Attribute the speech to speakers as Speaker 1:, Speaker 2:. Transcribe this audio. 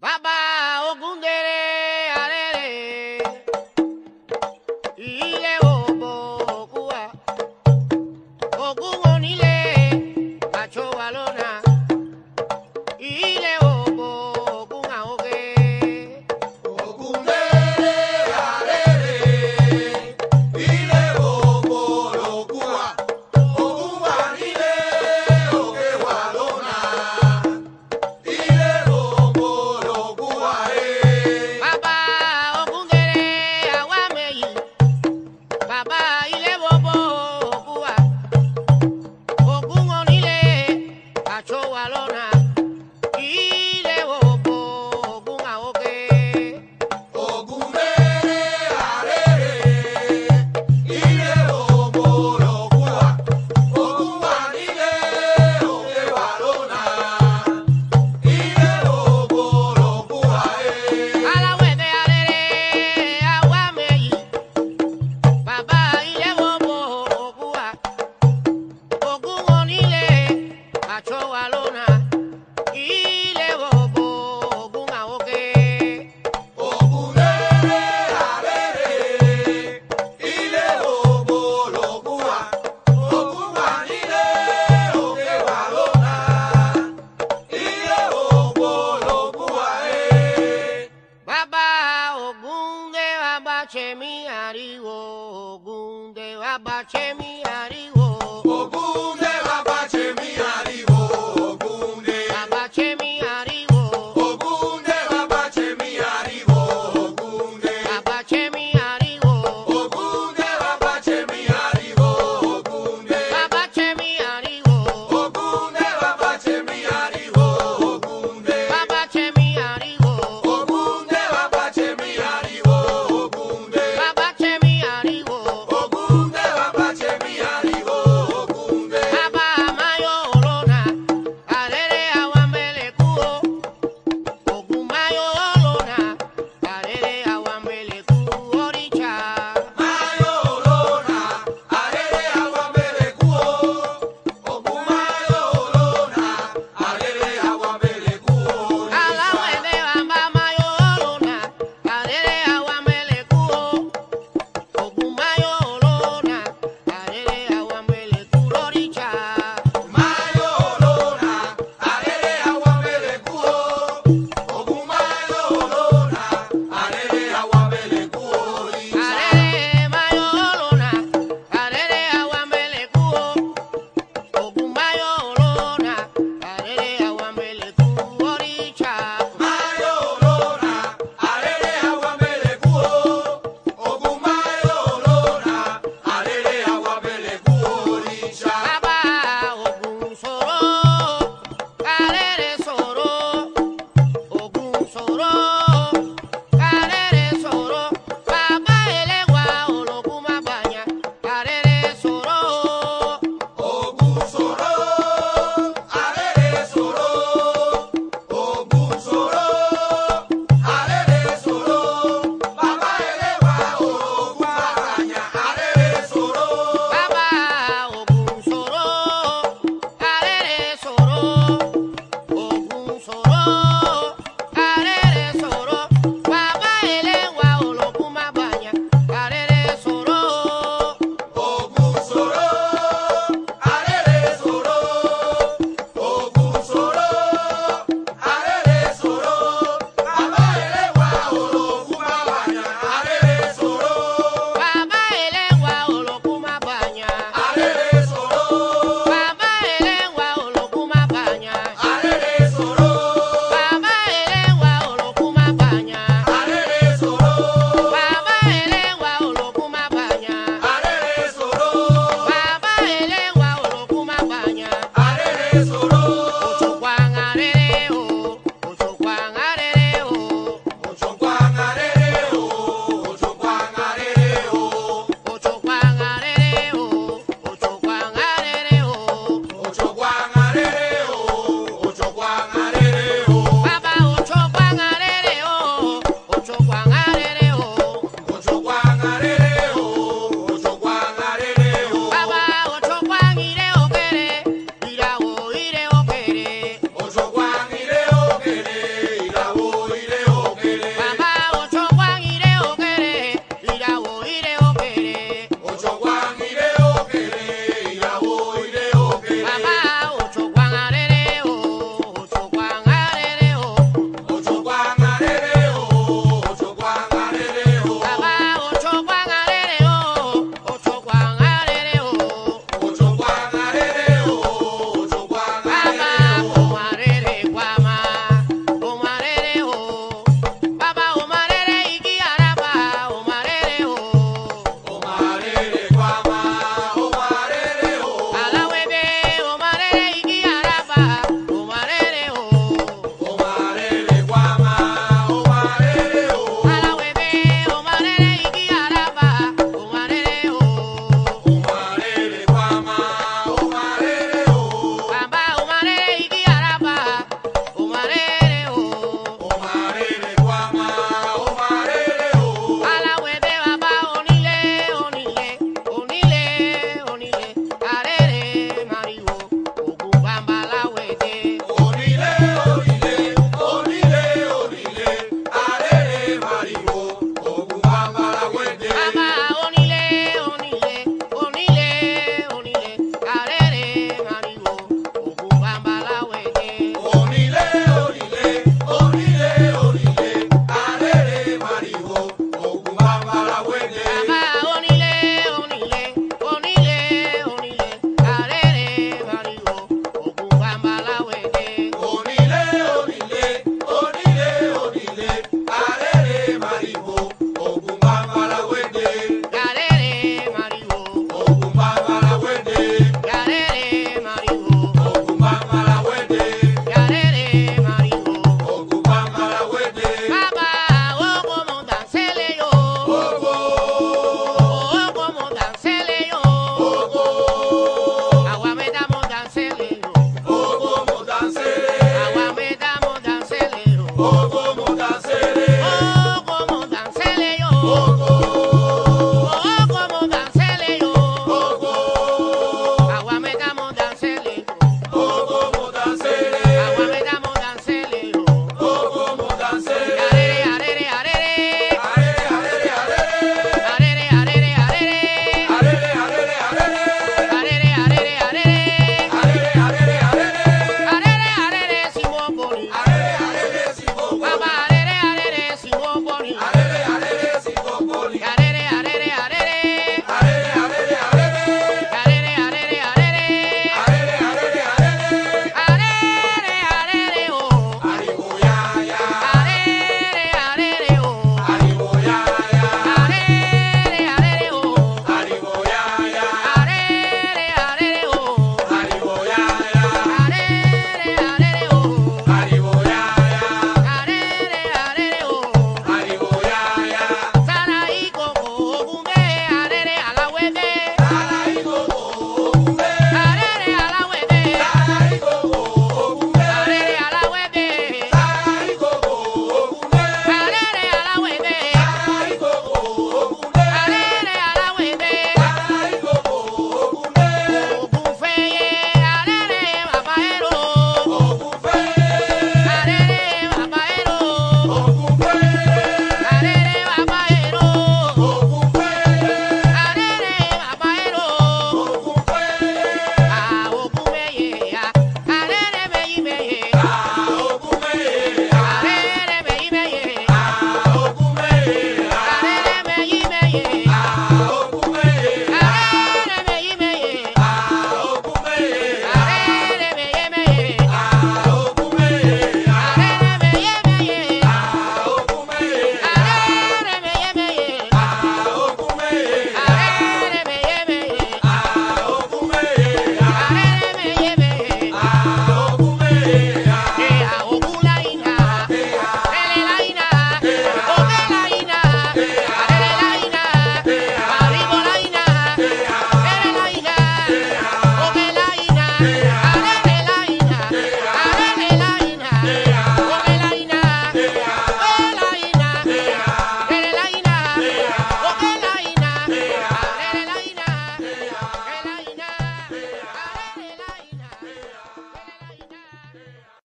Speaker 1: Bye bye. bache mi ariwo Ògúndé bache mi ariwo Ògúndé. Oh.